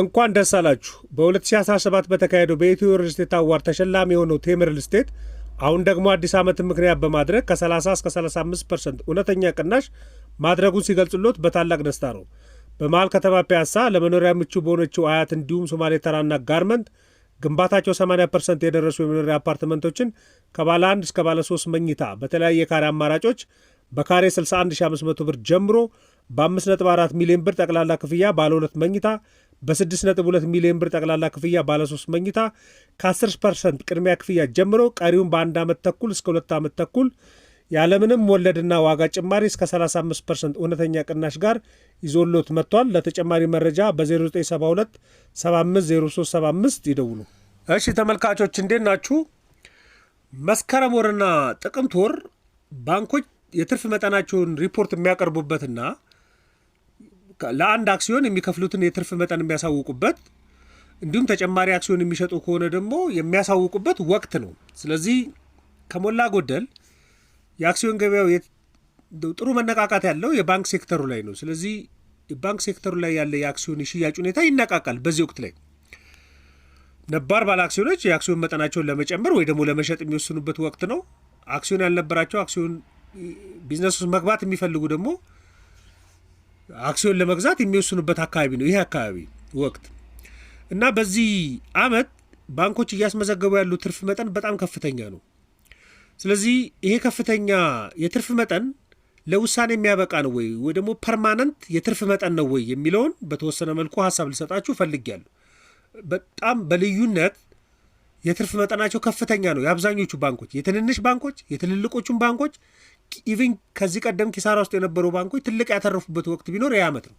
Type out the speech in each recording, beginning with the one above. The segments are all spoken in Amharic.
እንኳን ደስ አላችሁ። በ2017 በተካሄደው በኢትዮ ሪል ስቴት አዋር ተሸላሚ የሆነው ቴም ሪል ስቴት አሁን ደግሞ አዲስ ዓመትን ምክንያት በማድረግ ከ30 እስከ 35 ፐርሰንት እውነተኛ ቅናሽ ማድረጉን ሲገልጽሎት በታላቅ ደስታ ነው። በመሃል ከተማ ፒያሳ ለመኖሪያ ምቹ በሆነችው አያት እንዲሁም ሶማሌ ተራና ጋርመንት ግንባታቸው 80 ፐርሰንት የደረሱ የመኖሪያ አፓርትመንቶችን ከባለ 1 እስከ ባለ 3 መኝታ በተለያየ ካሬ አማራጮች በካሬ 61500 ብር ጀምሮ በ5.4 ሚሊዮን ብር ጠቅላላ ክፍያ ባለ 2 መኝታ በ6.2 ሚሊዮን ብር ጠቅላላ ክፍያ ባለሶስት መኝታ ከ10 ፐርሰንት ቅድሚያ ክፍያ ጀምሮ ቀሪውን በአንድ ዓመት ተኩል እስከ ሁለት ዓመት ተኩል ያለምንም ወለድና ዋጋ ጭማሪ እስከ 35 ፐርሰንት እውነተኛ ቅናሽ ጋር ይዞሎት መጥቷል። ለተጨማሪ መረጃ በ0972 750375 ይደውሉ። እሺ ተመልካቾች እንዴት ናችሁ? መስከረም ወርና ጥቅምት ወር ባንኮች የትርፍ መጠናቸውን ሪፖርት የሚያቀርቡበትና ለአንድ አክሲዮን የሚከፍሉትን የትርፍ መጠን የሚያሳውቁበት እንዲሁም ተጨማሪ አክሲዮን የሚሸጡ ከሆነ ደግሞ የሚያሳውቁበት ወቅት ነው። ስለዚህ ከሞላ ጎደል የአክሲዮን ገበያው ጥሩ መነቃቃት ያለው የባንክ ሴክተሩ ላይ ነው። ስለዚህ የባንክ ሴክተሩ ላይ ያለ የአክሲዮን የሽያጭ ሁኔታ ይነቃቃል። በዚህ ወቅት ላይ ነባር ባለ አክሲዮኖች የአክሲዮን መጠናቸውን ለመጨመር ወይ ደግሞ ለመሸጥ የሚወስኑበት ወቅት ነው። አክሲዮን ያልነበራቸው አክሲዮን ቢዝነስ ውስጥ መግባት የሚፈልጉ ደግሞ አክሲዮን ለመግዛት የሚወስኑበት አካባቢ ነው ይሄ አካባቢ ወቅት እና በዚህ አመት ባንኮች እያስመዘገቡ ያሉ ትርፍ መጠን በጣም ከፍተኛ ነው። ስለዚህ ይሄ ከፍተኛ የትርፍ መጠን ለውሳኔ የሚያበቃ ነው ወይ ወይ ደግሞ ፐርማነንት የትርፍ መጠን ነው ወይ የሚለውን በተወሰነ መልኩ ሀሳብ ልሰጣችሁ ፈልጊያለሁ። በጣም በልዩነት የትርፍ መጠናቸው ከፍተኛ ነው የአብዛኞቹ ባንኮች፣ የትንንሽ ባንኮች፣ የትልልቆቹን ባንኮች ኢቭን ከዚህ ቀደም ኪሳራ ውስጥ የነበሩ ባንኮች ትልቅ ያተረፉበት ወቅት ቢኖር ይህ ዓመት ነው።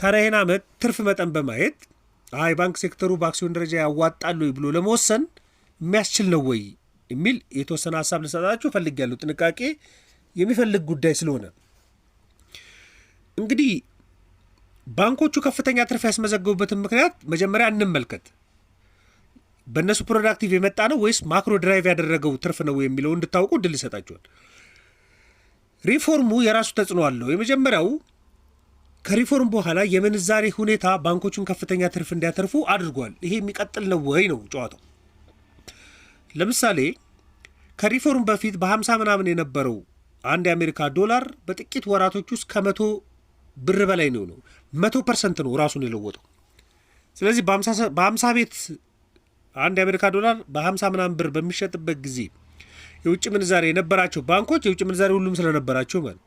ታዲያ ዓመት ትርፍ መጠን በማየት አይ ባንክ ሴክተሩ በአክሲዮን ደረጃ ያዋጣሉ ብሎ ለመወሰን የሚያስችል ነው ወይ የሚል የተወሰነ ሀሳብ ልሰጣችሁ እፈልጋለሁ። ጥንቃቄ የሚፈልግ ጉዳይ ስለሆነ እንግዲህ ባንኮቹ ከፍተኛ ትርፍ ያስመዘገቡበትን ምክንያት መጀመሪያ እንመልከት። በእነሱ ፕሮዳክቲቭ የመጣ ነው ወይስ ማክሮ ድራይቭ ያደረገው ትርፍ ነው የሚለው እንድታውቁ እድል ይሰጣችኋል። ሪፎርሙ የራሱ ተጽዕኖ አለው። የመጀመሪያው ከሪፎርም በኋላ የምንዛሬ ሁኔታ ባንኮቹን ከፍተኛ ትርፍ እንዲያተርፉ አድርጓል። ይሄ የሚቀጥል ነው ወይ ነው ጨዋታው። ለምሳሌ ከሪፎርም በፊት በ50 ምናምን የነበረው አንድ የአሜሪካ ዶላር በጥቂት ወራቶች ውስጥ ከመቶ ብር በላይ ነው ነው መቶ ፐርሰንት ነው ራሱን የለወጠው። ስለዚህ በ50 ቤት አንድ የአሜሪካ ዶላር በ50 ምናምን ብር በሚሸጥበት ጊዜ የውጭ ምንዛሬ የነበራቸው ባንኮች የውጭ ምንዛሬ ሁሉም ስለነበራቸው ማለት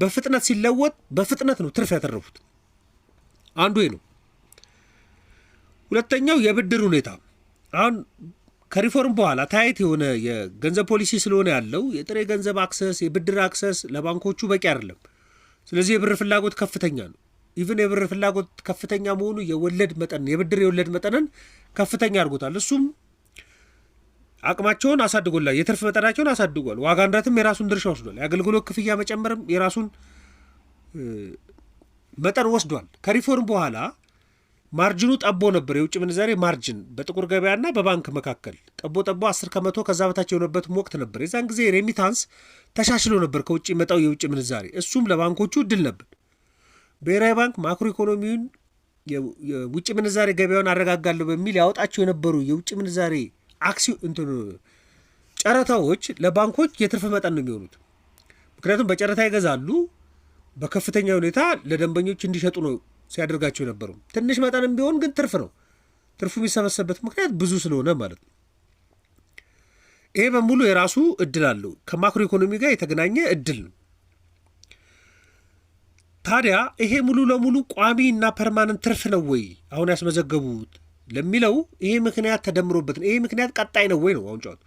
በፍጥነት ሲለወጥ በፍጥነት ነው ትርፍ ያተረፉት። አንዱ ነው። ሁለተኛው የብድር ሁኔታ አሁን ከሪፎርም በኋላ ታየት የሆነ የገንዘብ ፖሊሲ ስለሆነ ያለው የጥሬ ገንዘብ አክሰስ የብድር አክሰስ ለባንኮቹ በቂ አይደለም። ስለዚህ የብር ፍላጎት ከፍተኛ ነው። ኢቭን የብር ፍላጎት ከፍተኛ መሆኑ የወለድ መጠን የብድር የወለድ መጠንን ከፍተኛ አድርጎታል። እሱም አቅማቸውን አሳድጎላ የትርፍ መጠናቸውን አሳድጓል። ዋጋ ንረትም የራሱን ድርሻ ወስዷል። የአገልግሎት ክፍያ መጨመርም የራሱን መጠን ወስዷል። ከሪፎርም በኋላ ማርጅኑ ጠቦ ነበር። የውጭ ምንዛሬ ማርጅን በጥቁር ገበያና በባንክ መካከል ጠቦ ጠቦ አስር ከመቶ ከዛ በታች የሆነበትም ወቅት ነበር። የዛን ጊዜ ሬሚታንስ ተሻሽሎ ነበር ከውጭ መጣው የውጭ ምንዛሬ እሱም ለባንኮቹ እድል ነበር። ብሔራዊ ባንክ ማክሮ ኢኮኖሚውን የውጭ ምንዛሬ ገበያውን አረጋጋለሁ በሚል ያወጣቸው የነበሩ የውጭ ምንዛሬ አክሲዮ እንትኑ ጨረታዎች ለባንኮች የትርፍ መጠን ነው የሚሆኑት። ምክንያቱም በጨረታ ይገዛሉ፣ በከፍተኛ ሁኔታ ለደንበኞች እንዲሸጡ ነው ሲያደርጋቸው የነበሩ። ትንሽ መጠንም ቢሆን ግን ትርፍ ነው። ትርፉ የሚሰበሰብበት ምክንያት ብዙ ስለሆነ ማለት ነው። ይሄ በሙሉ የራሱ እድል አለው። ከማክሮ ኢኮኖሚ ጋር የተገናኘ እድል ነው። ታዲያ ይሄ ሙሉ ለሙሉ ቋሚ እና ፐርማነንት ትርፍ ነው ወይ አሁን ያስመዘገቡት ለሚለው ይሄ ምክንያት ተደምሮበት ነው። ይሄ ምክንያት ቀጣይ ነው ወይ ነው አሁን ጨዋቱ።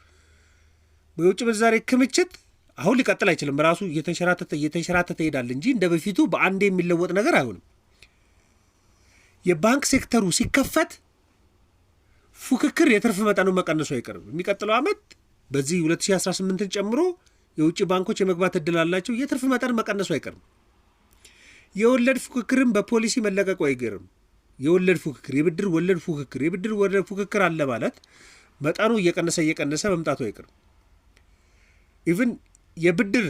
የውጭ ምንዛሬ ክምችት አሁን ሊቀጥል አይችልም። ራሱ እየተንሸራተተ እየተንሸራተተ ይሄዳል እንጂ እንደ በፊቱ በአንዴ የሚለወጥ ነገር አይሆንም። የባንክ ሴክተሩ ሲከፈት ፉክክር የትርፍ መጠኑ መቀነሱ አይቀርም። የሚቀጥለው ዓመት በዚህ 2018ን ጨምሮ የውጭ ባንኮች የመግባት እድል አላቸው። የትርፍ መጠን መቀነሱ አይቀርም። የወለድ ፉክክርን በፖሊሲ መለቀቁ አይገርም። የወለድ ፉክክር የብድር ወለድ ፉክክር የብድር ወለድ ፉክክር አለ ማለት መጠኑ እየቀነሰ እየቀነሰ መምጣቱ አይቀርም። ኢቭን የብድር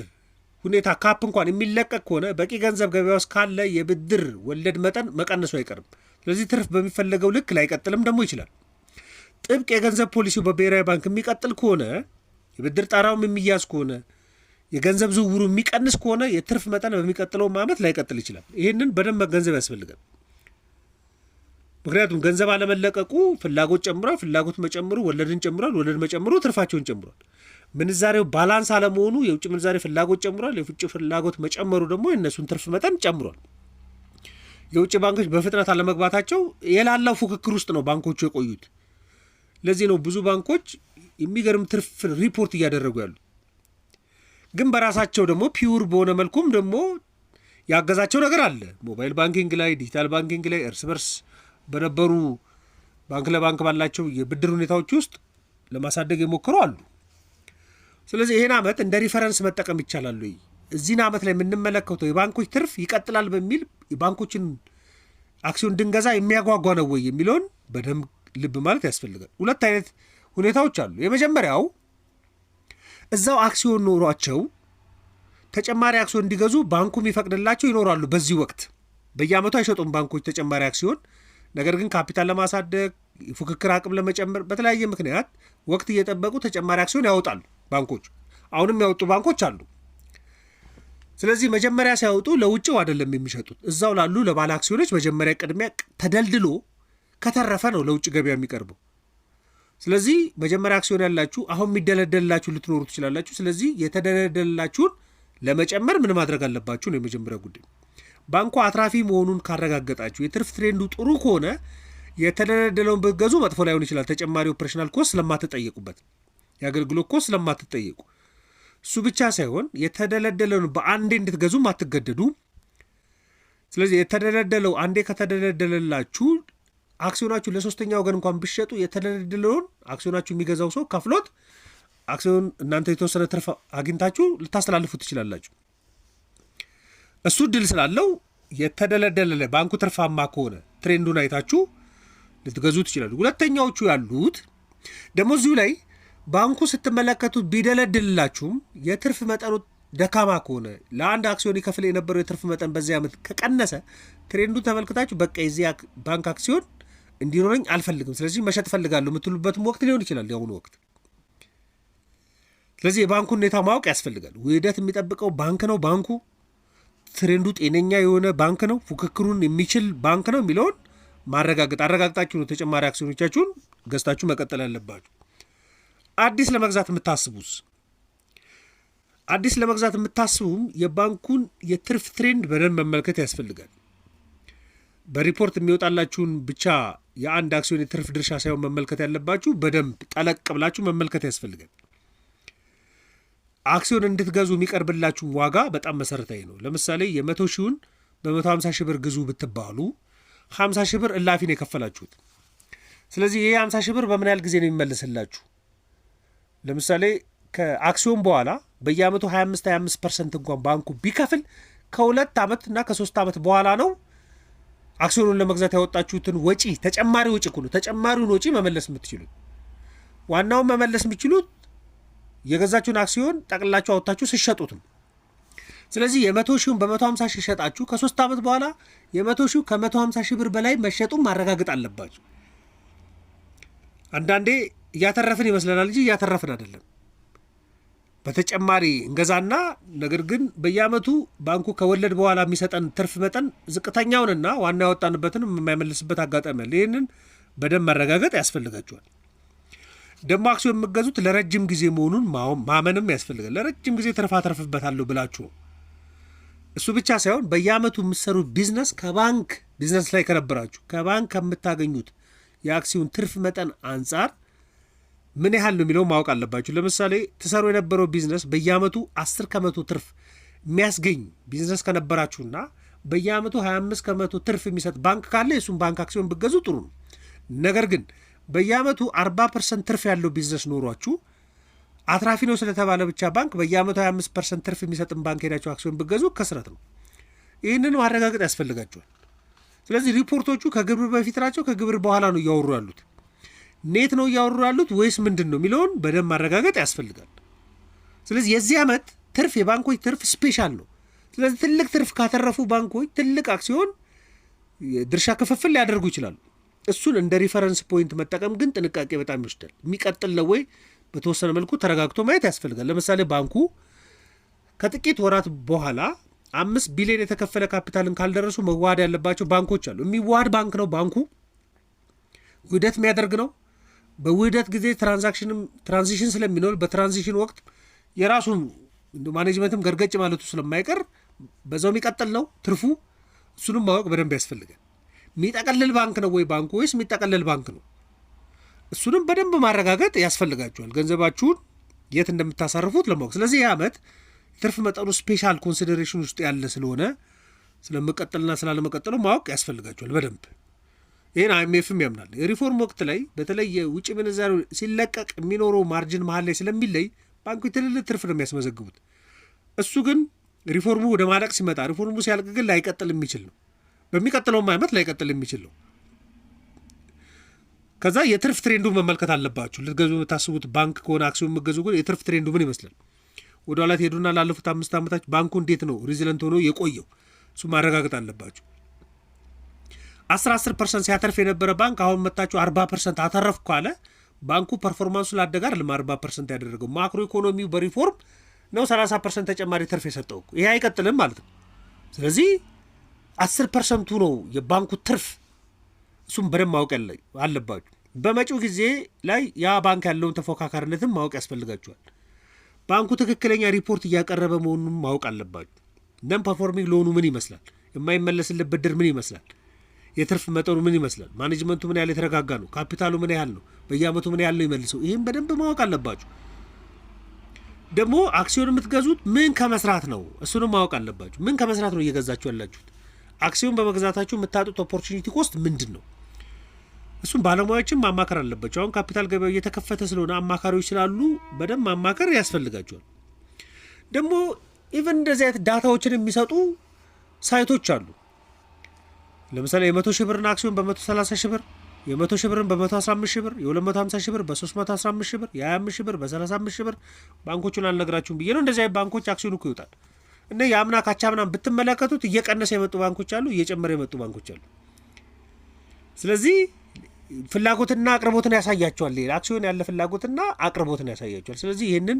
ሁኔታ ካፕ እንኳን የሚለቀቅ ከሆነ በቂ ገንዘብ ገበያ ውስጥ ካለ የብድር ወለድ መጠን መቀነሱ አይቀርም። ስለዚህ ትርፍ በሚፈለገው ልክ ላይቀጥልም ደግሞ ይችላል። ጥብቅ የገንዘብ ፖሊሲው በብሔራዊ ባንክ የሚቀጥል ከሆነ የብድር ጣራውም የሚያዝ ከሆነ የገንዘብ ዝውውሩ የሚቀንስ ከሆነ የትርፍ መጠን በሚቀጥለውም ዓመት ላይቀጥል ይችላል። ይህንን በደንብ መገንዘብ ያስፈልጋል። ምክንያቱም ገንዘብ አለመለቀቁ ፍላጎት ጨምሯል፣ ፍላጎት መጨምሩ ወለድን ጨምሯል፣ ወለድ መጨምሩ ትርፋቸውን ጨምሯል። ምንዛሬው ባላንስ አለመሆኑ የውጭ ምንዛሬ ፍላጎት ጨምሯል፣ የውጭ ፍላጎት መጨመሩ ደግሞ የእነሱን ትርፍ መጠን ጨምሯል። የውጭ ባንኮች በፍጥነት አለመግባታቸው የላላው ፉክክር ውስጥ ነው ባንኮቹ የቆዩት። ለዚህ ነው ብዙ ባንኮች የሚገርም ትርፍ ሪፖርት እያደረጉ ያሉ ግን በራሳቸው ደግሞ ፒውር በሆነ መልኩም ደግሞ ያገዛቸው ነገር አለ። ሞባይል ባንኪንግ ላይ፣ ዲጂታል ባንኪንግ ላይ እርስ በርስ በነበሩ ባንክ ለባንክ ባላቸው የብድር ሁኔታዎች ውስጥ ለማሳደግ የሞከሩ አሉ። ስለዚህ ይህን ዓመት እንደ ሪፈረንስ መጠቀም ይቻላሉ። እዚህን ዓመት ላይ የምንመለከተው የባንኮች ትርፍ ይቀጥላል በሚል የባንኮችን አክሲዮን ድንገዛ የሚያጓጓ ነው ወይ የሚለውን በደንብ ልብ ማለት ያስፈልጋል። ሁለት አይነት ሁኔታዎች አሉ። የመጀመሪያው እዛው አክሲዮን ኖሯቸው ተጨማሪ አክሲዮን እንዲገዙ ባንኩ የሚፈቅድላቸው ይኖራሉ። በዚህ ወቅት በየዓመቱ አይሸጡም ባንኮች ተጨማሪ አክሲዮን ነገር ግን ካፒታል ለማሳደግ ፉክክር አቅም ለመጨመር በተለያየ ምክንያት ወቅት እየጠበቁ ተጨማሪ አክሲዮን ያወጣሉ ባንኮች። አሁንም ያወጡ ባንኮች አሉ። ስለዚህ መጀመሪያ ሲያወጡ ለውጭው አይደለም የሚሸጡት፣ እዛው ላሉ ለባለ አክሲዮኖች መጀመሪያ ቅድሚያ ተደልድሎ ከተረፈ ነው ለውጭ ገበያ የሚቀርበው። ስለዚህ መጀመሪያ አክሲዮን ያላችሁ አሁን የሚደለደልላችሁ ልትኖሩ ትችላላችሁ። ስለዚህ የተደለደልላችሁን ለመጨመር ምን ማድረግ አለባችሁ ነው የመጀመሪያ ጉዳይ። ባንኩ አትራፊ መሆኑን ካረጋገጣችሁ የትርፍ ትሬንዱ ጥሩ ከሆነ የተደለደለውን ብትገዙ መጥፎ ላይሆን ይችላል። ተጨማሪ ኦፕሬሽናል ኮስ ስለማትጠየቁበት የአገልግሎት ኮስ ስለማትጠየቁ እሱ ብቻ ሳይሆን የተደለደለውን በአንዴ እንድትገዙ ማትገደዱ። ስለዚህ የተደለደለው አንዴ ከተደለደለላችሁ አክሲዮናችሁ ለሶስተኛ ወገን እንኳን ብሸጡ የተደለደለውን አክሲዮናችሁ የሚገዛው ሰው ከፍሎት አክሲዮን እናንተ የተወሰነ ትርፍ አግኝታችሁ ልታስተላልፉ ትችላላችሁ። እሱ እድል ስላለው የተደለደለ ባንኩ ትርፋማ ከሆነ ትሬንዱን አይታችሁ ልትገዙ ትችላሉ። ሁለተኛዎቹ ያሉት ደግሞ እዚሁ ላይ ባንኩ ስትመለከቱት ቢደለድልላችሁም የትርፍ መጠኑ ደካማ ከሆነ ለአንድ አክሲዮን ይከፍል የነበረው የትርፍ መጠን በዚህ ዓመት ከቀነሰ ትሬንዱን ተመልክታችሁ በቃ የዚህ ባንክ አክሲዮን እንዲኖረኝ አልፈልግም፣ ስለዚህ መሸጥ ፈልጋለሁ የምትሉበትም ወቅት ሊሆን ይችላል የአሁኑ ወቅት። ስለዚህ የባንኩን ሁኔታ ማወቅ ያስፈልጋል። ውህደት የሚጠብቀው ባንክ ነው ባንኩ ትሬንዱ ጤነኛ የሆነ ባንክ ነው፣ ፉክክሩን የሚችል ባንክ ነው የሚለውን ማረጋገጥ አረጋግጣችሁ ነው ተጨማሪ አክሲዮኖቻችሁን ገዝታችሁ መቀጠል ያለባችሁ። አዲስ ለመግዛት የምታስቡስ አዲስ ለመግዛት የምታስቡም የባንኩን የትርፍ ትሬንድ በደንብ መመልከት ያስፈልጋል። በሪፖርት የሚወጣላችሁን ብቻ የአንድ አክሲዮን የትርፍ ድርሻ ሳይሆን መመልከት ያለባችሁ በደንብ ጠለቅ ብላችሁ መመልከት ያስፈልጋል። አክሲዮን እንድትገዙ የሚቀርብላችሁ ዋጋ በጣም መሰረታዊ ነው። ለምሳሌ የመቶ ሺውን በመቶ ሀምሳ ሺህ ብር ግዙ ብትባሉ ሀምሳ ሺህ ብር እላፊ ነው የከፈላችሁት። ስለዚህ ይህ ሀምሳ ሺህ ብር በምን ያህል ጊዜ ነው የሚመልስላችሁ? ለምሳሌ ከአክሲዮን በኋላ በየአመቱ 25 25 ፐርሰንት እንኳን ባንኩ ቢከፍል ከሁለት ዓመት እና ከሶስት ዓመት በኋላ ነው አክሲዮኑን ለመግዛት ያወጣችሁትን ወጪ ተጨማሪ ወጪ ተጨማሪውን ወጪ መመለስ የምትችሉት ዋናውን መመለስ የምትችሉት የገዛችሁን አክሲዮን ጠቅላችሁ አወጥታችሁ ስሸጡት ነው። ስለዚህ የመቶ ሺውን በመቶ ሀምሳ ሺህ ሸጣችሁ ከሶስት ዓመት በኋላ የመቶ ሺው ከመቶ ሀምሳ ሺህ ብር በላይ መሸጡን ማረጋገጥ አለባችሁ። አንዳንዴ እያተረፍን ይመስለናል እንጂ እያተረፍን አይደለም። በተጨማሪ እንገዛና ነገር ግን በየዓመቱ ባንኩ ከወለድ በኋላ የሚሰጠን ትርፍ መጠን ዝቅተኛውንና ዋና ያወጣንበትን የማይመልስበት አጋጣሚ አለ። ይህንን በደንብ ማረጋገጥ ያስፈልጋችኋል። ደግሞ አክሲዮን የምገዙት ለረጅም ጊዜ መሆኑን ማመንም ያስፈልጋል። ለረጅም ጊዜ ተርፋ ተርፍበታለሁ ብላችሁ እሱ ብቻ ሳይሆን በየአመቱ የምትሰሩ ቢዝነስ ከባንክ ቢዝነስ ላይ ከነበራችሁ ከባንክ ከምታገኙት የአክሲዮን ትርፍ መጠን አንጻር ምን ያህል ነው የሚለው ማወቅ አለባችሁ። ለምሳሌ ትሰሩ የነበረው ቢዝነስ በየአመቱ 10 ከመቶ ትርፍ የሚያስገኝ ቢዝነስ ከነበራችሁና በየአመቱ 25 ከመቶ ትርፍ የሚሰጥ ባንክ ካለ የእሱን ባንክ አክሲዮን ብገዙ ጥሩ ነው። ነገር ግን በየአመቱ 40 ፐርሰንት ትርፍ ያለው ቢዝነስ ኖሯችሁ አትራፊ ነው ስለተባለ ብቻ ባንክ በየአመቱ 25 ፐርሰንት ትርፍ የሚሰጥን ባንክ ሄዳችሁ አክሲዮን ብገዙ ከስረት ነው። ይህንን ማረጋገጥ ያስፈልጋቸዋል። ስለዚህ ሪፖርቶቹ ከግብር በፊት ናቸው፣ ከግብር በኋላ ነው እያወሩ ያሉት፣ ኔት ነው እያወሩ ያሉት ወይስ ምንድን ነው የሚለውን በደንብ ማረጋገጥ ያስፈልጋል። ስለዚህ የዚህ ዓመት ትርፍ የባንኮች ትርፍ ስፔሻል ነው። ስለዚህ ትልቅ ትርፍ ካተረፉ ባንኮች ትልቅ አክሲዮን ድርሻ ክፍፍል ሊያደርጉ ይችላሉ። እሱን እንደ ሪፈረንስ ፖይንት መጠቀም ግን ጥንቃቄ በጣም ይወስዳል። የሚቀጥል ነው ወይ በተወሰነ መልኩ ተረጋግቶ ማየት ያስፈልጋል። ለምሳሌ ባንኩ ከጥቂት ወራት በኋላ አምስት ቢሊዮን የተከፈለ ካፒታልን ካልደረሱ መዋሃድ ያለባቸው ባንኮች አሉ። የሚዋሃድ ባንክ ነው ባንኩ ውህደት የሚያደርግ ነው። በውህደት ጊዜ ትራንዚሽን ስለሚኖር በትራንዚሽን ወቅት የራሱ ማኔጅመንትም ገርገጭ ማለቱ ስለማይቀር በዛው የሚቀጥል ነው ትርፉ። እሱንም ማወቅ በደንብ ያስፈልጋል። የሚጠቀልል ባንክ ነው ወይ ባንኩ ወይስ የሚጠቀልል ባንክ ነው? እሱንም በደንብ ማረጋገጥ ያስፈልጋቸዋል፣ ገንዘባችሁን የት እንደምታሳርፉት ለማወቅ። ስለዚህ ይህ ዓመት የትርፍ መጠኑ ስፔሻል ኮንሲደሬሽን ውስጥ ያለ ስለሆነ ስለመቀጠልና ስላለመቀጠሉ ማወቅ ያስፈልጋቸዋል በደንብ። ይህን አይኤምኤፍም ያምናል። የሪፎርም ወቅት ላይ በተለይ የውጭ ምንዛሪ ሲለቀቅ የሚኖረው ማርጅን መሀል ላይ ስለሚለይ ባንኩ የትልልቅ ትርፍ ነው የሚያስመዘግቡት። እሱ ግን ሪፎርሙ ወደ ማለቅ ሲመጣ ሪፎርሙ ሲያልቅ ግን ላይቀጥል የሚችል ነው። በሚቀጥለውም ዓመት ላይቀጥል የሚችል ነው። ከዛ የትርፍ ትሬንዱ መመልከት አለባችሁ። ልትገዙ የምታስቡት ባንክ ከሆነ አክሲዮን የምገዙ ግን የትርፍ ትሬንዱ ምን ይመስላል? ወደ ኋላ ትሄዱና ላለፉት አምስት ዓመታች ባንኩ እንዴት ነው ሪዚለንት ሆኖ የቆየው? እሱ ማረጋገጥ አለባችሁ። 11 አስር ፐርሰንት ሲያተርፍ የነበረ ባንክ አሁን መጣችሁ አርባ ፐርሰንት አተረፍ ካለ ባንኩ ፐርፎርማንሱ ላደገ አይደለም አርባ ፐርሰንት ያደረገው ማክሮ ኢኮኖሚው በሪፎርም ነው ሰላሳ ፐርሰንት ተጨማሪ ትርፍ የሰጠው ይሄ አይቀጥልም ማለት ነው። ስለዚህ አስር ፐርሰንቱ ነው የባንኩ ትርፍ። እሱም በደንብ ማወቅ አለባችሁ። በመጪው ጊዜ ላይ ያ ባንክ ያለውን ተፎካካሪነትም ማወቅ ያስፈልጋችኋል። ባንኩ ትክክለኛ ሪፖርት እያቀረበ መሆኑን ማወቅ አለባችሁ። ነን ፐርፎርሚንግ ሎኑ ምን ይመስላል? የማይመለስለት ብድር ምን ይመስላል? የትርፍ መጠኑ ምን ይመስላል? ማኔጅመንቱ ምን ያህል የተረጋጋ ነው? ካፒታሉ ምን ያህል ነው? በየአመቱ ምን ያህል ነው ይመልሰው? ይህም በደንብ ማወቅ አለባችሁ። ደግሞ አክሲዮን የምትገዙት ምን ከመስራት ነው? እሱንም ማወቅ አለባችሁ። ምን ከመስራት ነው እየገዛችሁ ያላችሁት? አክሲዮን በመግዛታችሁ የምታጡት ኦፖርቹኒቲ ኮስት ምንድን ነው? እሱም ባለሙያዎችን ማማከር አለባቸው። አሁን ካፒታል ገበያው እየተከፈተ ስለሆነ አማካሪዎች ስላሉ በደንብ ማማከር ያስፈልጋቸዋል። ደግሞ ኢቨን እንደዚህ አይነት ዳታዎችን የሚሰጡ ሳይቶች አሉ። ለምሳሌ የመቶ ሺህ ብርን አክሲዮን በመቶ ሰላሳ ሺህ ብር የመቶ ሺህ ብርን በመቶ አስራ አምስት ሺህ ብር የሁለት መቶ ሀምሳ ሺህ ብር በሶስት መቶ አስራ አምስት ሺህ ብር የሀያ አምስት ሺህ ብር በሰላሳ አምስት ሺህ ብር ባንኮቹን አልነግራችሁም ብዬ ነው። እንደዚህ አይነት ባንኮች አክሲዮን እኮ ይወጣል። እና የአምና ካቻምናን ብትመለከቱት እየቀነሰ የመጡ ባንኮች አሉ፣ እየጨመረ የመጡ ባንኮች አሉ። ስለዚህ ፍላጎትና አቅርቦትን ያሳያቸዋል። አክሲዮን ያለ ፍላጎትና አቅርቦትን ያሳያቸዋል። ስለዚህ ይህንን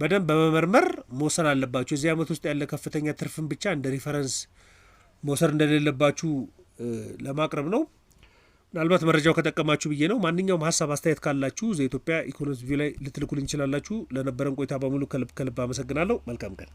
በደንብ በመመርመር መውሰን አለባችሁ። የዚህ ዓመት ውስጥ ያለ ከፍተኛ ትርፍን ብቻ እንደ ሪፈረንስ መውሰድ እንደሌለባችሁ ለማቅረብ ነው። ምናልባት መረጃው ከጠቀማችሁ ብዬ ነው። ማንኛውም ሀሳብ አስተያየት ካላችሁ ዘኢትዮጵያ ኢኮኖሚስት ቪው ላይ ልትልኩልኝ ይችላላችሁ። ለነበረን ቆይታ በሙሉ ከልብ ከልብ አመሰግናለሁ። መልካም ቀን